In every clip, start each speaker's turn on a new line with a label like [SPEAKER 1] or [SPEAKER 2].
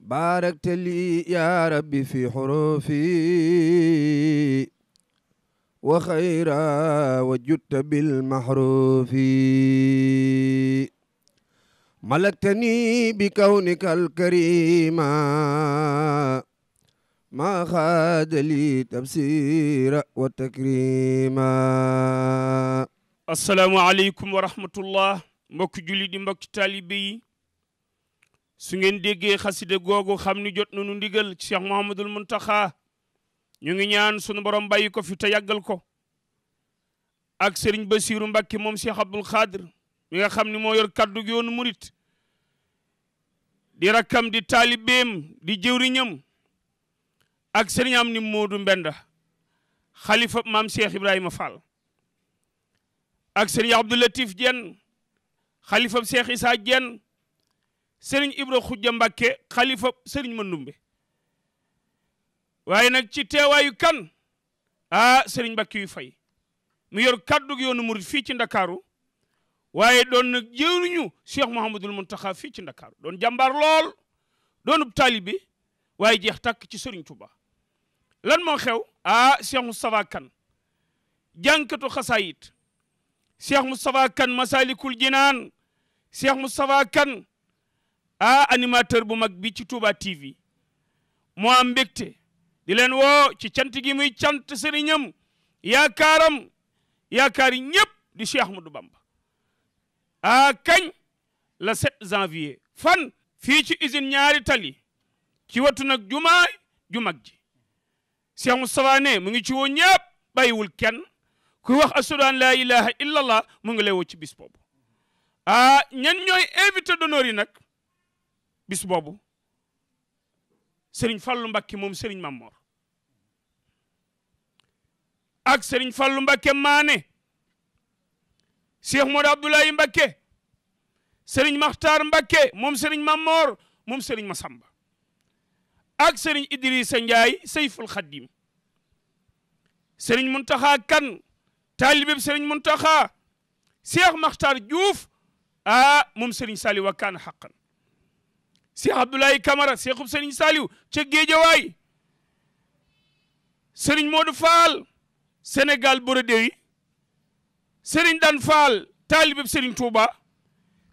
[SPEAKER 1] باركت لي يا ربي في حروفي وخيرا وجدت بالمحروف ملكتني بكونك الكريم ما خاد لي تبصيرا
[SPEAKER 2] وتكريما
[SPEAKER 1] السلام عليكم ورحمة الله mbokki julli di mbokki taalibe yi su ngeen déggee xaside googu xam ni jot nañu ndigal Cheikh Mouhamadul Muntaxa ñu ngi ñaan sunu borom bàyyi ko fi te yàggal ko ak Serigne Bassirou Mbacke moom Cheikh Abdoul Khadir mi nga xam ni moo yor kaddu gi yoonu murit di rakkam di taalibeem di jëwriñam ak Serigne am ni Mbenda xalifa maam Cheikh Ibrahima Fall ak Serigne Latif Diène xalifam Cheikh Issa Diène sëriñ Ibra Khoudia Mbacke xalifa sëriñ Mandoumbe waaye nag ci teewaayu kan ah sëriñ Mbacke yu fay mu yor kàddu gi yoonu murid fii ci ndakaaru waaye doon nag jëwriñu Cheikh Mouhamadul Mountakha fii ci ndakaaru doon jàmbaar lool doonub taalibe waaye jeex tàkk ci sëriñ Touba lan moo xew ah Cheikh Moustapha Kane jànkatu xasaayit Cheikh Moustapha Kane Masalikul Jinaan Cheikh Moustapha Kane ah animateur bu mag bi ci Touba TV moo am mbégte di leen woo ci cant gi muy cant sëriñam yaakaaram yaakaar yi ñëpp di Cheikh du Bamba ah kañ la 7 janvier fan fii ci usine ñaari tali ci wattu nag jumaa ju mag ji Cheikh Moustapha ne mu ngi ci woo ñëpp bàyyiwul kenn ku wax ashadu an laa ilaha illallah mu ngi lay woo ci bis boobu ah ñan ñooy invité d'honneur yi nag bis boobu sëriñ Fallou Mbakke moom sëriñ Mamor ak sëriñ Fallou Mbakke maane Cheikh Modou Abdoulaye Mbakke sëriñ Makhtar Mbakke moom sëriñ Mamor moom sëriñ Masamba ak sëriñ Idrissa Ndiaye Seyful Khadim sëriñ Muntaxa Kan taalibeb sëriñ Muntaxa Cheikh Makhtar Diouf ah moom sëriñ Saliou Wakane xaqan Cheikh Abdoulaye Camara Cheikhub Serigne Saliou ca Géejawaay Serigne Modou Fall Sénégal Bordeaux Serigne Dan Fall taalibeb Serigne Touba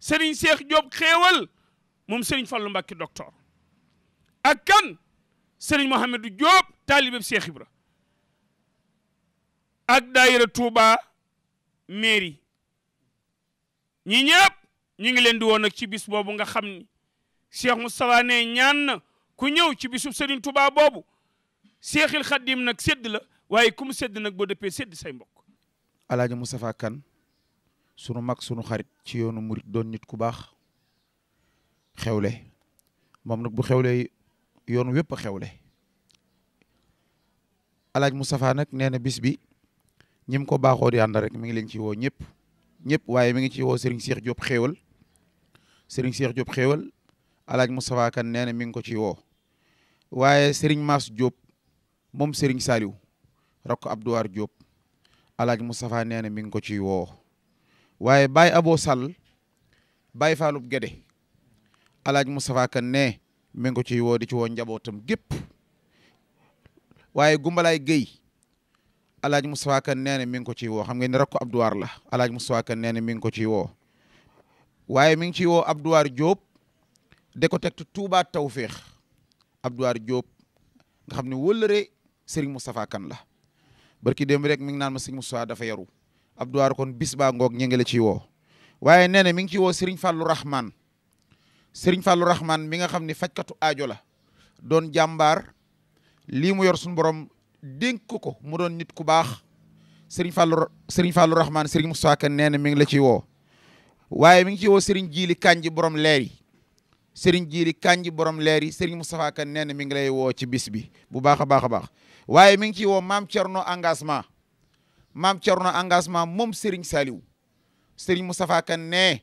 [SPEAKER 1] Serigne Cheikh Diop xéewal moom Serigne Fallou Mbacké docteur ak kan Serigne Mouhamadou Diop taalibeb Cheikh Ibra ak daayira Touba mairie ñi ñëpp ñu ngi leen di woon nag ci bis boobu nga xam ni cheikh Moustapha ne ñaan na ku ñëw ci bisub Serigne Touba boobu seexil xaddim nag sedd la waaye ku sedd nag boo deppee sedd say mbokk.
[SPEAKER 3] Alaaji Moustapha Kane sunu mag sunu xarit ci yoonu murit doon nit ku baax xewle moom nag bu xewlee yoon wépp a xewle Alaaji Moustapha nag nee na bis bi ñim ko baaxoo di ànd rek mi ngi leen ci woo ñëpp ñëpp waaye mi ngi ci woo Serigne Cheikh Diop xéewal Serigne Cheikh Diop xéewal alaaj Moustapha Kane nee na mi ngi ko ci woo waaye Serigne Mass Diop moom Serigne Saliou rakk Abdouwar Diop alaaj Moustapha nee na mi ngi ko ci woo waaye Baye Abo sal Baye Fallou Guédé alaaj Moustapha Kane nee mi ko ci woo di ci woo njabootam gépp waaye Gumbalaay Guèye alaaj Moustapha Kane nee na mi ngi ko ciy woo xam ngeen ne rakk Abdouwar la alaaj Moustapha Kane nee na mi ngi ko ciy woo waaye mi ngi ciy woo Abdouwar Diop da ko teg Touba Tawféex Abdouar Diop nga xam ne wëllëre Serigne Moustapha Kane la barki démb rek mi ngi naan ma Serigne Moustapha dafa yaru Abdouar kon bis baa ngoog ñu ngi la ciy woo waaye nee na mi ngi ciy woo Serigne Fallou Rahman Serigne Fallou Rahman mi nga xam ne fajkatu aajo la doon jàmbaar lii mu yor suñu borom dénk ko mu doon nit ku baax Serigne Fallou Serigne Fallou Rahman Serigne Moustapha Kane nee na mi ngi la ciy woo waaye mi ngi ciy woo Serigne Jili Kanji borom leer Serigne Jiili Kanji borom leer yi Serigne Moustapha Kane nee na mi ngi lay woo ci bis bi bu baax a baax a baax waaye mi ngi ciy woo maam Thierno engagement maam Thierno engagement moom Serigne Saliou Serigne Moustapha Kane nee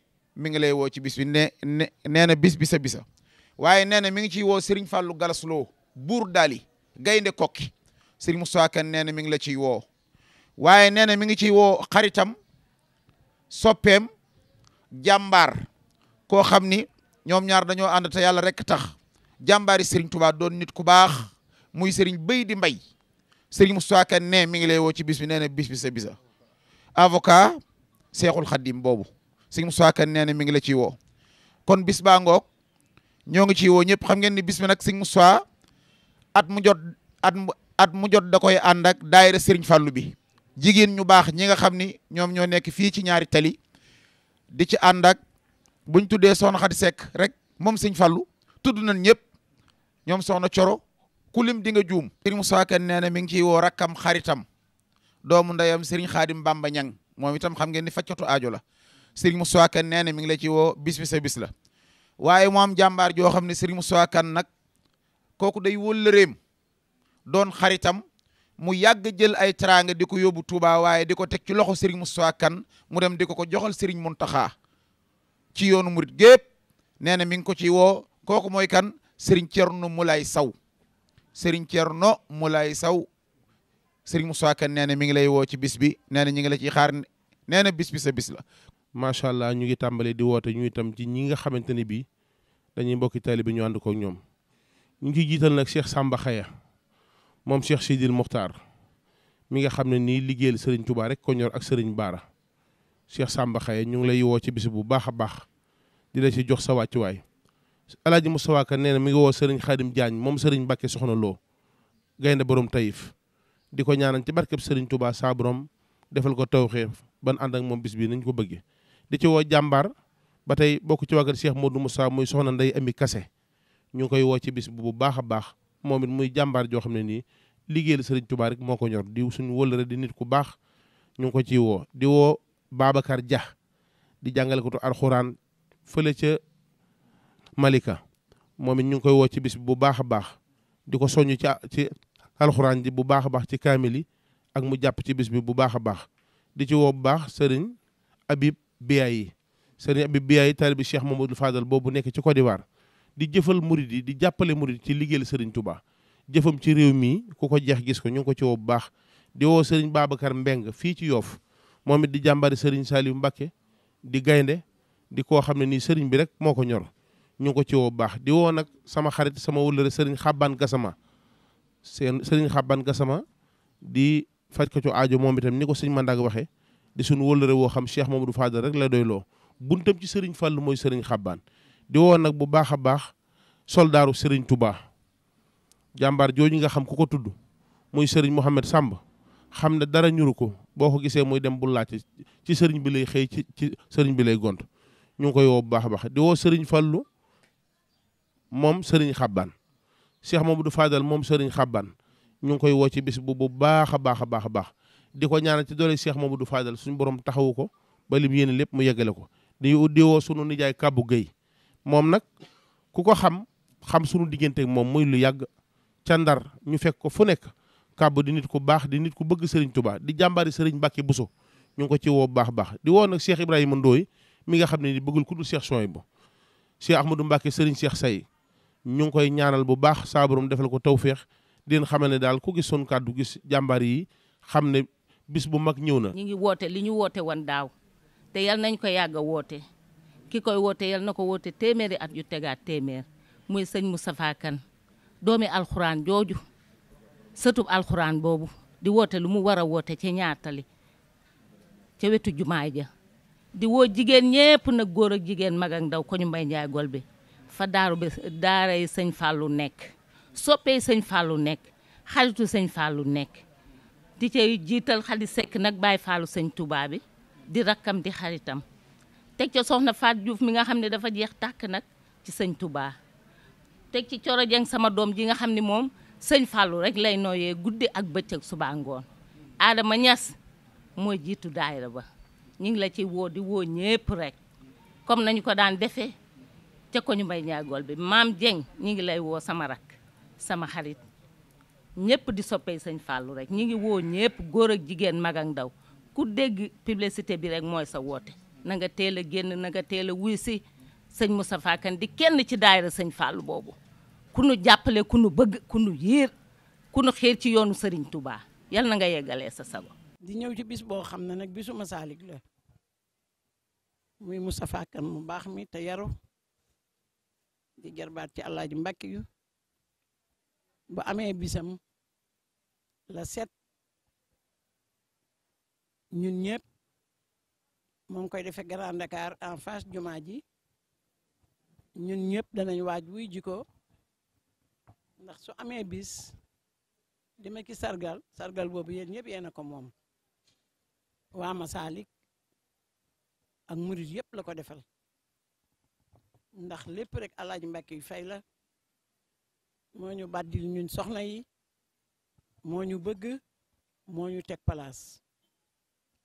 [SPEAKER 3] mi ngi lay woo ci bis bi ne ne nee na bis bisa bisa waaye nee na mi ngi ciy woo Serigne Fallou Galasloo buur daali gaynde kokki Serigne Moustapha Kane nee na mi ngi la ciy woo waaye nee na mi ngi ciy woo xaritam soppeem jàmbaar koo xam ni. ñoom ñaar dañoo ànd te yàlla rek tax jàmbaari Serigne Touba doon nit ku baax muy Serigne bay di mbay Serigne Moustapha Kane ne mi ngi lay woo ci bis bi nee na bis bi sa bisa avocat Seexul Xaddim boobu Serigne Moustapha nee na mi ngi la ciy woo kon bis baa ngoog ñoo ngi ciy woo ñëpp xam ngeen ni bis bi nag Serigne Moustapha at mu jot at mu jot da koy ànd ak daayira Serigne Fallou bi jigéen ñu baax ñi nga xam ni ñoom ñoo nekk fii ci ñaari tali di ci ànd buñ tuddee soxna Xadi Seck rek moom sëñ fallu tudd nañ ñëpp ñoom soxna Coro kulim di nga juum sëriñ mu Kane nee na mi ngi ciy woo rakkam xaritam doomu ndeyam sëriñ Xaadim Bamba moom itam xam ngeen ni faccatu aajo la sëriñ Moussa Kane nee na mi ngi la ci woo bis bi la waaye mu am jàmbaar joo xam ne sëriñ Moussa Kane nag kooku day wëllëreem doon xaritam mu yàgg jël ay teraanga di ko yóbbu Touba waaye di ko teg ci loxo sëriñ Moussa Kane mu dem di ko ko joxal sëriñ Muntaxa ci yoonu murit gépp nee na mi ngi ko ci woo kooku mooy kan Serigne Thierno Moulay Saw Serigne Thierno Moulay Saw sëriñ mu Kane nee na mi ngi lay woo ci bis bi nee na ñu ngi la ciy xaar nee na bis bi sa la. macha
[SPEAKER 4] allah ñu ngi tàmbale di woote ñu itam ci ñi nga xamante ni bii dañuy bokki taalibe bi ñu ànd koog ñoom ñu ngi ciy jiital nag Cheikh Samba Khaya moom Cheikh Sidil Mokhtar mi nga xam ne nii liggéeyal sëriñ Touba rek ko ak Serigne baara Cheikh Samba Xaye ñu ngi lay woo ci bis bu baax a baax di la ci jox sa wàccuwaay El Hadj Moustapha Ka nee na mi ngi woo Serigne Khadim jaañ moom Serigne Mbacke soxna Lo gaynde borom tayif di ko ñaanañ ci barkeb Serigne Touba saa borom defal ko tawxeef ban ànd ak moom bis bii nañ ko bëggee di ci woo jàmbaar ba tey bokk ci wàggat du Modou Moussa muy soxna Ndeye Ami Kase ñu ngi koy ci bis bu baax a baax moom it muy jàmbaar joo xam ne nii liggéeyal sëriñ Touba rek moo ko ñor di suñu wëllëre di nit ku baax ñu ko ciy woo Babacar Dia di jàngalekatu alxuraan fële ca Malika moom it ñu ngi koy woo ci bis bu baax a baax di ko soññ ci ci alxuraan ji bu baax a baax ci kaamil ak mu jàpp ci bis bi bu baax a baax di ci woo bu baax sëriñ Habib Biaye sëriñ Habib Biaye moom Cheikh Mamadou Fadal boobu nekk ci Côte d'Ivoire di jëfal murid yi di jàppale murid ci liggéeyal sëriñ Touba jëfam ci réew mii ku ko jeex gis ko ñu ko ci woo bu baax di woo sëriñ Babacar Mbeng fii ci Yoof moom it di jàmbari Serigne Saliou Mbacke di gaynde di koo xam ne nii Serigne bi rek moo ko ñor ñu ko ci woo baax di woo nag sama xarit sama wëllëre Serigne Xaban Gassama seen Serigne Xaban Gassama di faj ko aajo moom itam ni ko sëñ Mandag waxee di suñu wëllëre woo xam Cheikh Mamadou Fadal rek la doy loo buntam ci Serigne Fall mooy Serigne Xaban di woo nag bu baax a baax soldaaru Serigne Touba jàmbaar jooju nga xam ku ko tudd mooy Serigne Mohamed Samb xam ne dara ñuru ko boo ko gisee muy dem bu laajte ci sëriñ bi lay xëy ci ci sëriñ bi lay gont ñu ngi koy woo bu baax a baax di woo sëriñ Fallou moom sëriñ Xabbaan Cheikh Mamadou Fadal moom sëriñ Xabbaan ñu ngi koy woo ci bis bu bu baax a baax a baax a baax di ko ñaanal ci doole Cheikh Mamadou Fadal suñu borom taxawu ko ba lim lépp mu yeggale ko di di woo sunu nijaay Kabou géy moom nag ku ko xam xam sunu diggante moom muy lu yàgg ca ndar ñu fekk ko fu nekk. kàbb di nit ku baax di nit ko bëgg sëriñ Touba di jàmbaari sëriñ Mbacke Bousso ñu ngi ko ci woo baax baax di woo nag Cheikh Ibrahima Ndoye mi nga xam ne ni bëggul ku dul Cheikh Souhaïbou Cheikh Ahmadou Mbacke sëriñ Cheikh Say ñu ngi koy ñaanal bu baax saabarum defal ko tawféex feex leen xamal ne daal ko gis son kàddu gis jàmbaar yi xam ne bis bu mag ñëw na. ñu
[SPEAKER 2] ngi woote li ñu woote wan daaw te yal nañ ko yàgg a woote ki koy woote yal na ko woote téeméeri at yu tegaat téeméer muy sëñ Moustapha Kane doomi alxuraan jooju. sëtub alxuraan boobu di woote lu mu war a woote ci ñaatali ca wetu jumaay ja di woo jigéen ñépp nag góor ak jigéen mag ak ndaw ko ñu mbay njaay gol bi fa daaru bi daara sëñ fàllu nekk soppee sëñ fàllu nekk xaritu sëñ fàllu nekk di cay jiital xali sekk nag baay fàllu sëñ tubaa di rakkam di xaritam teg ca soxna Faat Diouf mi nga xam ne dafa jeex tàkk nag ci sëñ tubaa teg ci coro jeng sama doom ji nga xam ne moom sëñ Fallou rek lay nooyee guddi ak bëccëg suba ngoon Adama Niass mooy jiitu daayira ba ñu ngi la ci woo di woo ñépp rek comme nañu ko daan defee ca ko ñu may ñaagool bi maam Dieng ñu ngi lay woo sama rak sama xarit ñépp di soppee sëñ Fallou rek ñu ngi woo ñépp góor ak jigéen mag ak ndaw ku dégg publicité bi rek mooy sa woote na nga teel a génn nanga nga teel a wuy si sëñ Moustapha Kane di kenn ci daayira sëñ Fallou boobu ku jàppale ku nu bëgg ku nu yiir xiir ci yoonu sëriñ tubaa yal na nga yeggalee sa sago.
[SPEAKER 5] di ñëw ci bis boo xam na nag bisu Masaalik la muy Moustapha Kane mu baax mi te yaru di jarbaat ci Alaaji Mbàkke yu bu amee bisam la set ñun ñëpp moo ngi koy defee Grand Dakar en face jumaa ji ñun ñëpp danañ waaj wuy jiko ndax su amee bis di ma sargal sargal boobu yéen ñëpp yéen a ko moom waa Masalik ak murit yëpp la ko defal ndax lépp rek alaaji Mbàkke yu fay la moo ñu bàddil ñun soxna yi moo ñu bëgg moo ñu teg place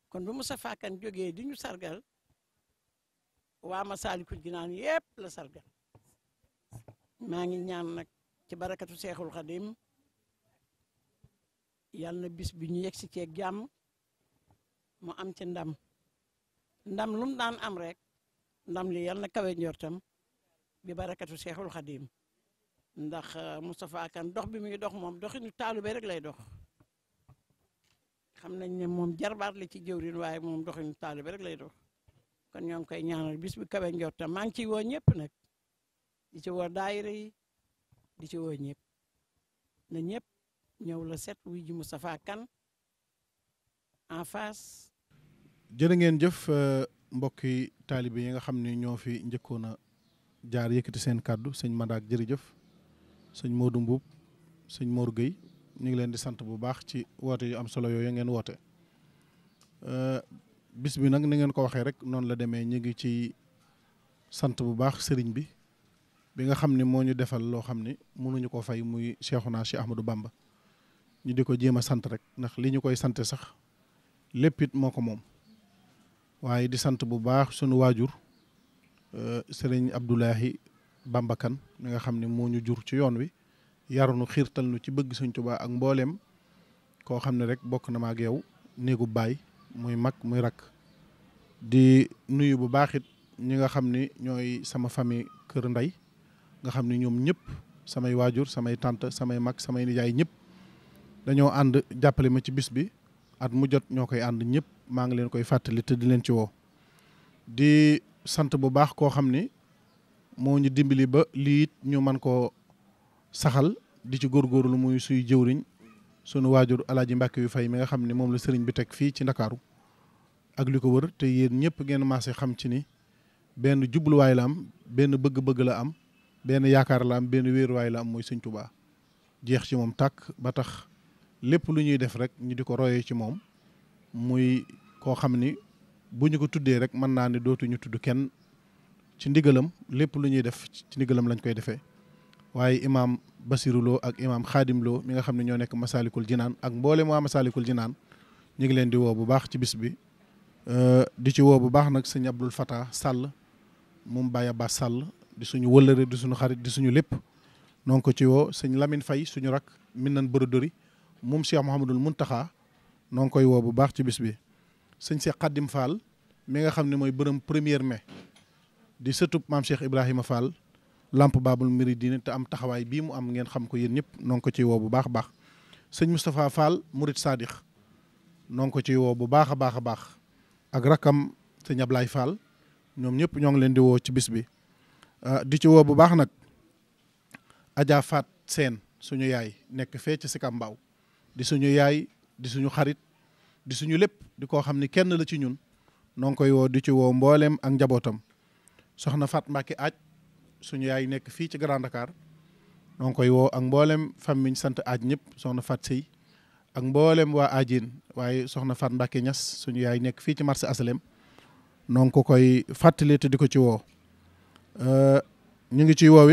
[SPEAKER 5] kon bu Moustapha Kane jógee di ñu sargal waa Masaalikul Jinaan yépp la sargal maa ngi ñaan ci barakatu seexul xadim yàlla na bis bi ñu yegg si ceeg jàmm mu am ci ndam ndam lu mu daan am rek ndam li yàlla na kawe njortam bi barakatu seexul xadim ndax euh, Moustapha Kane dox bi mu dox moom doxinu taalube rek lay dox xam nañ ne moom jarbaat la ci jëwrin waaye moom doxinu taalube rek lay dox kon ñoo ngi koy ñaanal bis bi kawe njortam maa ngi ciy woo ñëpp nag di ci woo daayira di ci woo ñëpp na ñëpp ñëw la set wuy ji Moustapha kan en face.
[SPEAKER 6] jërë ngeen jëf euh, mbokki taalibe yi nga xam ni ñoo fi njëkkoon a jaar yëkkati seen kàddu sëñ Madak jërëjëf sëñ Modou Mbuub sëñ Mor Gueye ñu ngi leen di sant bu baax ci woote yu am solo yooyu ngeen woote. Euh, bis bi nag ni ngeen ko waxee rek noonu la demee ñu ngi ci sant bu baax sëriñ bi. bi nga xam ne moo ñu defal loo xam ne mënuñu ko fay muy Cheikhouna Cheikh Ahmadou Bamba ñu di ko jéem a sant rek ndax li ñu koy sante sax lépp it moo ko moom waaye di sant bu baax sunu waajur euh, sëriñ Abdoulahi Bamba Kan mi nga xam ne moo ñu jur ci yoon wi yarunu xiirtal nu ci bëgg Sëriñ tubaa ak mbooleem koo xam ne rek bokk na ma ak yow néegu baay muy mag muy rakk di nuyu bu baaxit ñi nga xam ni ñooy sama famille kër ndey nga xam ne ñoom ñëpp samay waajur samay tànt samay mag samay nijaay ñëpp dañoo ànd jàppale ma ci bis bi at mu jot ñoo koy ànd ñëpp maa ngi leen koy fàttali te di leen ci woo di sant bu baax koo xam ni moo dimbali ba lii it man koo saxal di ci góorgóorlu muy suy jëwriñ sunu waajur alaaji Mbàkke yu fay mi nga xam ne moom la sëriñ bi teg fii ci ndakaaru ak li ko wër te yéen ñëpp ngeen maase xam ci ni benn jubluwaay la am benn bëgg-bëgg la am benn yaakaar la am benn wéeruwaay la am mooy sëñ tubaa jeex ci moom tàkk ba tax lépp lu ñuy def rek ñu di ko royee ci moom muy koo xam ni bu ñu ko tuddee rek mën naa ne dootuñu tudd kenn ci ndigalam lépp lu ñuy def ci ndigalam lañ koy defee waaye imaam Basirou Lo ak imaam Khadim loo mi nga xam ne ñoo nekk ji naan ak mboolem waa Masalikul Jinaan ñu ngi leen di woo bu baax ci bis bi euh, di ci woo bu baax nag sëñ Abdul Fatah Sall moom Baye Abbas Sall di suñu wëllëre di suñu xarit di suñu lépp donc ci woo sëñ lamin Faye suñu rak min nañ brodori moom Cheikh Mouhamadul Muntaxa noo ngi koy woo bu baax ci bis bi sëñ Cheikh Khadim Fall mi nga xam ne mooy bërëm première mais di sëtub maam Cheikh Ibrahima Fall làmp baabul muridina te am taxawaay bii mu am ngeen xam ko yéen ñëpp noo ngi ko ciy woo bu baax a baax sëñ Moustapha Fall murid Sadix noo ci ko woo bu baax a baax a baax ak rakam sëñ Ablaye Fall ñoom ñëpp ñoo ngi leen di woo ci bis bi Ah, di ci woo bu baax nag Adja Fat Seen suñu yaay nekk fee ci Sicap Mbao di suñu yaay di suñu xarit di suñu lépp di koo xam ni kenn la ci ñun noo koy woo di ci woo mbooleem ak njabootam soxna Fat Mbacke aaj suñu yaay nekk fii ci grande Dakar noo koy woo ak mbooleem famille sant aj ñëpp soxna Fat Sey ak mboolem waa aajin waaye soxna Fat Mbacke Ñas suñu yaay nekk fii ci marché Asalem noo koy fàttali te di ko ci woo ñu ngi ciy woow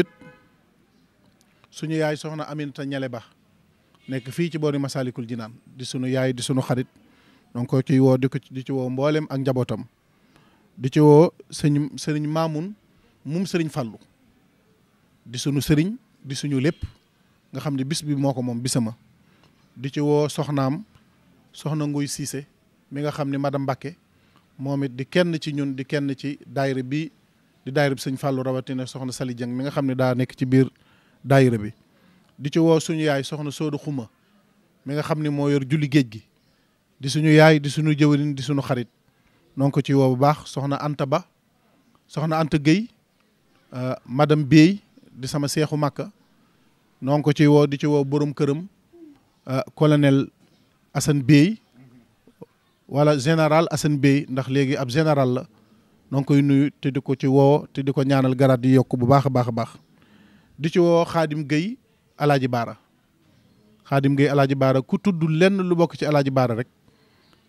[SPEAKER 6] suñu yaay soxna Aminta ñale ba nekk fii ci boori Masalikul Jinaan di suñu yaay di suñu xarit donc ko ciy woo di ko di ci woow mboolem ak njabootam di ci woo sëñ sëriñ Maamun mum sëriñ Fallu di sunu sëriñ di suñu lépp nga xam ne bis bi moo ko moom bisama di ci woo soxnaam soxna nguy siise mi nga xam ne madame Mbakke moom it di kenn ci ñun di kenn ci daayira bi di daayira bi sëñ Fallou rawatina soxna Sali Dieng mi nga xam ne daa nekk ci biir daayira bi di ci woo suñu yaay soxna Soodu Xuma mi nga xam ni moo yor julli géej gi di suñu yaay di suñu jëwriñ di suñu xarit donc ci woo bu baax soxna Anta Ba soxna Anta Gueye euh, madam Bey di sama seexu Makka donc ci woo di ci wow borom këram euh, colonel Assane Bey walla général Assane Bey ndax léegi ab général la noo koy nuyu te di ko ci woow te di ko ñaanal garaat di yokk bu baax a baax a baax di ci woow xaadim Guèye alaaji baara xaadim Guèye alaaji baara ku tudd lenn lu bokk ci alaaji baara rek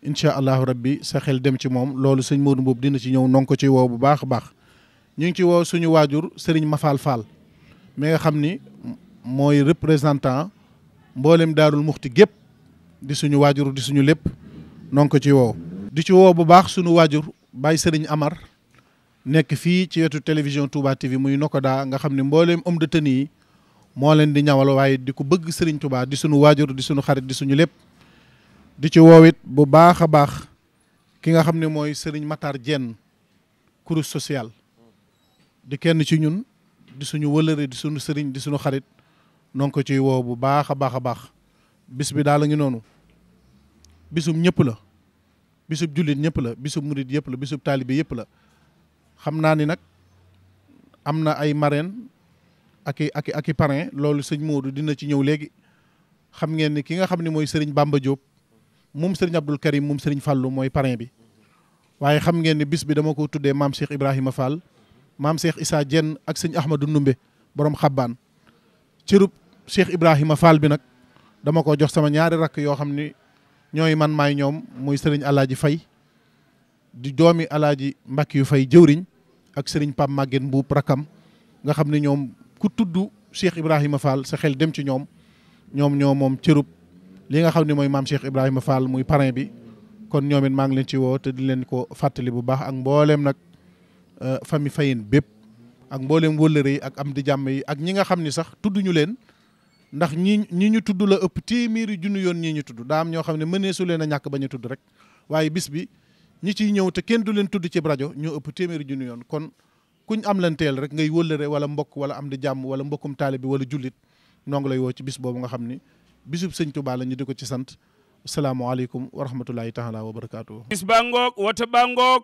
[SPEAKER 6] incha allahu rabbi sa xel dem ci moom loolu sëñ Modou Mboub dina ci ñëw noo ko ci woo bu baax a baax ñu ngi ci woo suñu waajur sëriñ Mafal Fall mi nga xam ni mooy représentant mboolem daarul muxti gépp di suñu waajur di suñu lépp noo ko ci woow di ci woo bu baax suñu waajur Baye Serigne Amar nekk fii ci wetu télévision Touba TV muy daa nga xam ni mbooleem homme de tenue yi moo leen di ñawal waaye di ko bëgg Serigne Touba di sunu waajur di sunu xarit di suñu lépp di ci woowit bu baax a baax ki nga xam ne mooy Serigne Matar jenn course sociale di kenn ci ñun di suñu wëlëre di suñu sëriñ di suñu xarit noo ciy woo bu baax a baax a baax bis bi daal la ngi noonu bisum ñëpp la bisub jullit ñëpp la bisub murit yëpp la bisub taalibe yëpp la xam naa ni nag am na ay marraines ak i ak i ak loolu sëñ Modou dina ci ñëw léegi xam ngeen ni ki nga xam ne mooy sëriñ Bamba Diop moom sëriñ Abdul Karim moom sëriñ Fallou mooy parrain bi waaye xam ngeen ni bis bi dama ko tuddee maam Cheikh Ibrahima Fall maam Cheikh Issa Dieng ak sëñ Ahmadou Ndumbe borom xabbaan cërub Cheikh Ibrahima Fall bi nag dama ko jox sama ñaari rakk yoo xam ni ñooy man maay ñoom muy sëriñ alaaji fay di doomi alaaji mbàkk yu fay jëwriñ ak sëriñ pam màggen mbuub rakam nga xam ne ñoom ku tudd Cheikh Ibrahima Fall sa xel dem ci ñoom ñoom ñoo moom cërub li nga xam ne mooy maam Cheikh Ibrahima Fall muy parrain bi kon ñoom it maa ngi leen ci woo te di leen ko fàttali bu baax ak mbooleem nag euh, famille fayin bépp ak mbooleem wëllëre yi ak am di jàmm yi ak ñi nga xam ni sax tudd ñu leen ndax ñi ñi ñu tudd la ëpp téeméeri junni yoon ñii ñu tudd daa am ñoo xam ne mëneesu leen a ñàkk ba ñu tudd rek waaye bis bi ñi ciy ñëw te kenn du leen tudd ci rajo ñoo ëpp téeméeri junni yoon kon kuñ am lan teel rek ngay wëllëre wala mbokk wala am di jàmm wala mbokkum taali bi wala jullit nongi lay woo ci bis boobu nga xam ni bisub sëñ Tuubaa la ñu di ko ci sant asalaamaaleykum wa rahmatulahi taala wa barakaatu.
[SPEAKER 1] bis baa ngoog wata baa ngoog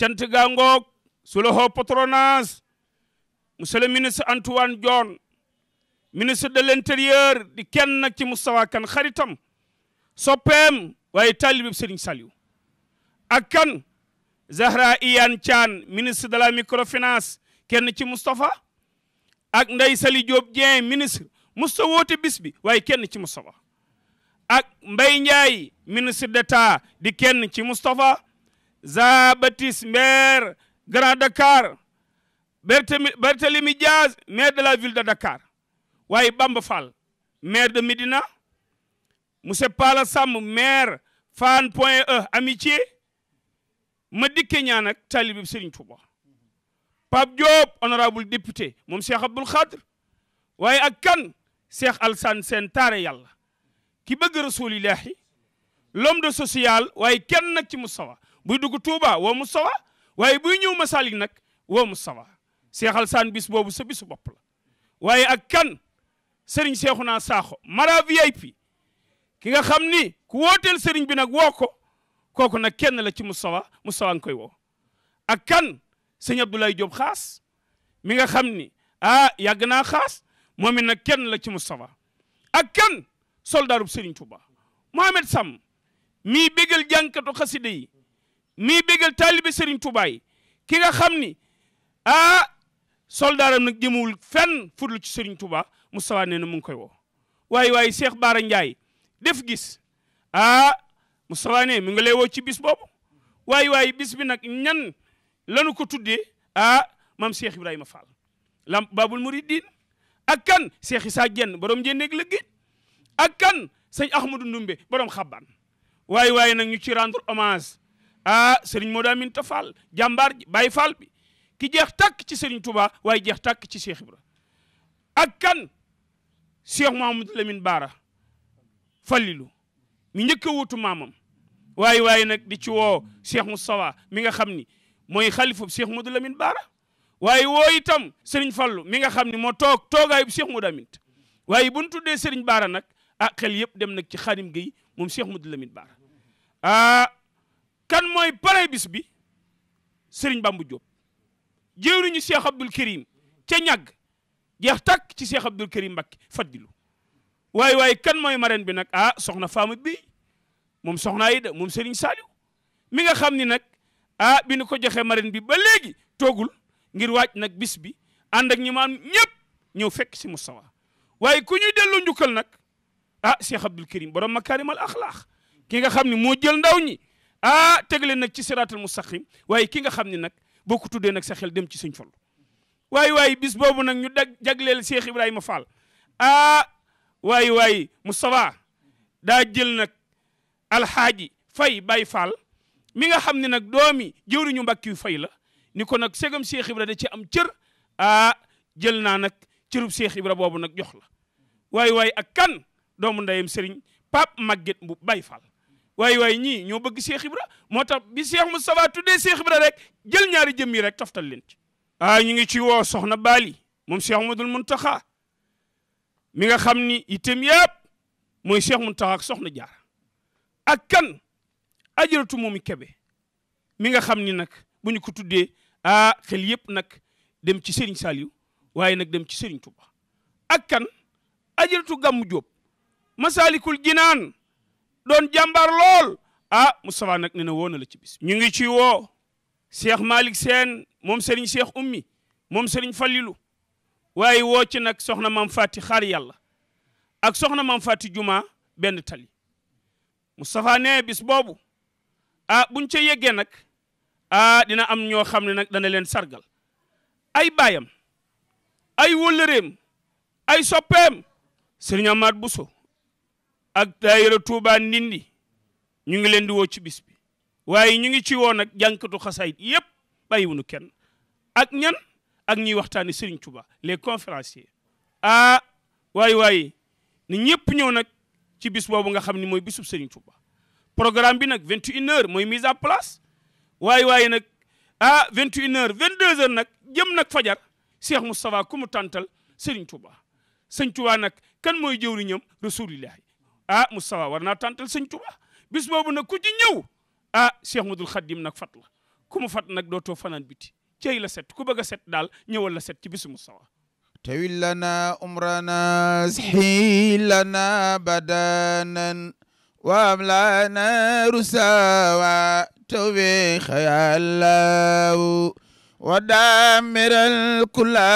[SPEAKER 1] cant gaa ngoog su loxo patronage monsieur le ministre de l'intérieur di kenn nag ci Moustapha Kane xaritam soppeem waaye taalibe Serigne Saliou ak kan Zahra Iyane Thian ministre de la microfinance kenn ci Moustapha ak Ndeye Saly Diop Dieng ministre Moustapha woote bis bi waaye kenn ci Moustapha ak Mbaye Ndiaye ministre d'État di kenn ci Moustapha Jean Baptiste maire Grand Dakar Barthélemy Diaz maire de la ville de Dakar waaye Bamba Fall maire de Médina monsieur Pala Samb maire Fann Point E amitié ma dikke ñaan ak taalibe bi Serigne Touba Pape Diop honorable député moom Cheikh Abdoul Khadr waaye ak kan Cheikh Alsane Sène taare yàlla ki bëgg rasulillahi l'homme de social waaye kenn nag ci Moustapha buy dugg Touba woo Moustapha waaye buy ñëw Masalik nag woo Moustapha Cheikh Alsane bis boobu sa bopp waaye ak sëriñ naa Saaxo mara VIP ki nga xam ni ku wootel sëriñ bi nag wooko ko kooku nag kenn la ci Moustapha Moustapha nga koy woo ak kan sëñ Abdoulaye Diop xaas mi nga xam ni ah yàgg naa xaas moom it nag kenn la ci Moustapha ak kan soldaarub sëriñ Touba Mohamed Sam mii bégal jànkatu xaside yi mii bégal taalibe sëriñ Touba yi ki nga xam ni ah soldaaram nag jëmawul fenn fudlu ci sëriñ Touba Moustapha na mu ngi koy woo waaye waaye Cheikh Baara Ndiaye def gis ah Moustapha ne mu ngi lay woo ci bis boobu waaye waaye bis bi nag ñan lanu ko tuddee ah maam Cheikh Ibrahima Fall lam Babul Mouridine ak kan Cheikh Issa Dieng borom Ndiéndéeg Lëggéej ak kan sëñ Ahmadou Ndumbe borom Xabban waaye waaye nag ñu ci rendre hommage ah Serigne Modou Aminta Fall jàmbaar ji Baye Fall bi ki jeex takk ci Serigne Touba waaye jeex tàkk ci Cheikh Ibra ak Cheikh Mouhamadou Lamine Baara Fallilu mi njëkk wutu wuutu maamam waaye waaye nag di ci woo mu Moustapha mi nga xam ni mooy xalifu Cheikh Mouhamadou Lamine Baara waaye woo itam Serigne Fallu mi nga xam ni moo toog toogaayu Cheikh Mouhamadou Amint waaye bu ñu tuddee Serigne Baara nag ah xel yëpp dem nag ci Xaadim Gueye moom Cheikh Mouhamadou Lamine Baara ah kan mooy pare bis bi Serigne Bamba Diop jëwriñu Cheikh Abdoul Karim ca ñàgg jeex takk ci Cheikh Abdoul Karim Mbacké faddilu waaye waaye kan mooy marraine bi nag ah soxna Fama bi moom soxna Ayda moom Serigne Saliou mi nga xam ni nag ah bi nu ko joxee marraine bi ba léegi toogul ngir waaj nag bis bi ànd ak ñi maam ñëpp ñëw fekk si Moustapha waaye ku ñuy dellu njukkal nag ah Cheikh Abdoul Karim borom makaarimal axlaax ki nga xam ne moo jël ndaw ñi ah tegle nag ci siraatal mustaqim waaye ki nga xam ni nag boo ko tuddee nag sa xel dem ci Sëñ Fallu waay waay bis boobu nag ñu dag jagleel Cheikh ma Fall ah waay waay Moustapha daa jël nag alxaaji fay bay Fall mi nga xam ne nag doomi jëwriñu mbàkk yu fay la ni ko nag segam Cheikh Ibra da ci am cër ah jël naa nag cërub Cheikh Ibra boobu nag jox la waay waay ak kan doomu ndeyam sëriñ Pape Maguette bu bay Fall waay waay ñii ñoo bëgg Cheikh Ibra moo tax bi Cheikh Moustapha tuddee Cheikh Ibra rek jël ñaari jëm yi rek toftal leen ci ah ñu ngi ci woo soxna Baali moom Cheikh Amadul Muntaxa mi nga xam ni itam yëpp mooy Cheikh Muntaxa ak soxna Jaara ak kan ajaratu moomi kebe mi nga xam ni nag bu ñu ko tuddee ah xel yëpp nag dem ci Serigne Saliou waaye nag dem ci Serigne Touba ak kan ajaratu gàmmu Jóob Masaalikul Jinaan doon jàmbaar lool ah Moustapha nag nee na woo na la ci bis ñu ngi ci woo Cheikh Malick Sène moom Serigne Cheikh Ummi moom Serigne Fallilou waaye woo ci nag soxna maam Fati xaar yàlla ak soxna maam Fati juma benn tali Moustapha ne bis boobu a ah, buñ ca yeggee nag ah dina am ñoo xam ne nag dana leen sargal ay baayam ay wëllëreem ay soppeem Serigne Amath Bousso ak daayira Touba Ndindi ñu ngi leen di woo ci bis bi waaye ñu ngi ci woon nag jànkatu xasaayit yëpp bàyyiwunu kenn ak ñan ak ñuy waxtaani Serigne Touba les conférenciers ah waaye waaye ni ñëpp ñëw nag ci bis boobu nga xam ni mooy bisub Serigne Touba programme bi nag 21h mooy mise à place waaye waaye nag ah 21 vingt 22h nag jëm nag fajar Cheikh Moustapha ku mu tantal Serigne Touba sëñ Touba nag kan mooy jëwriñam rasulillahi ah Moustapha war naa tàntal sëñ Touba bis boobu nag ku ci ah Cheikh Madul Xaddim nag fat la ku mu fat nag dootoo fanaan biti cey la set ku bëgg a set daal ñëwal la set ci bisu Mustafa
[SPEAKER 3] tawil lana umrana sxi lana badanan wa amlana rusawa tawbi xayalaw wa damiral kula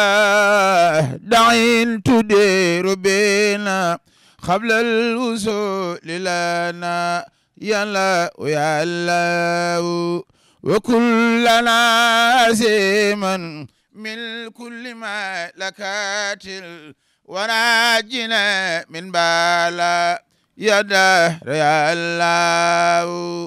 [SPEAKER 3] dain tudiru bina qabla al usuli lana يا الله يا الله وكلنا عزيما من كل ما لكات وناجنا من بالا يا دهر يا الله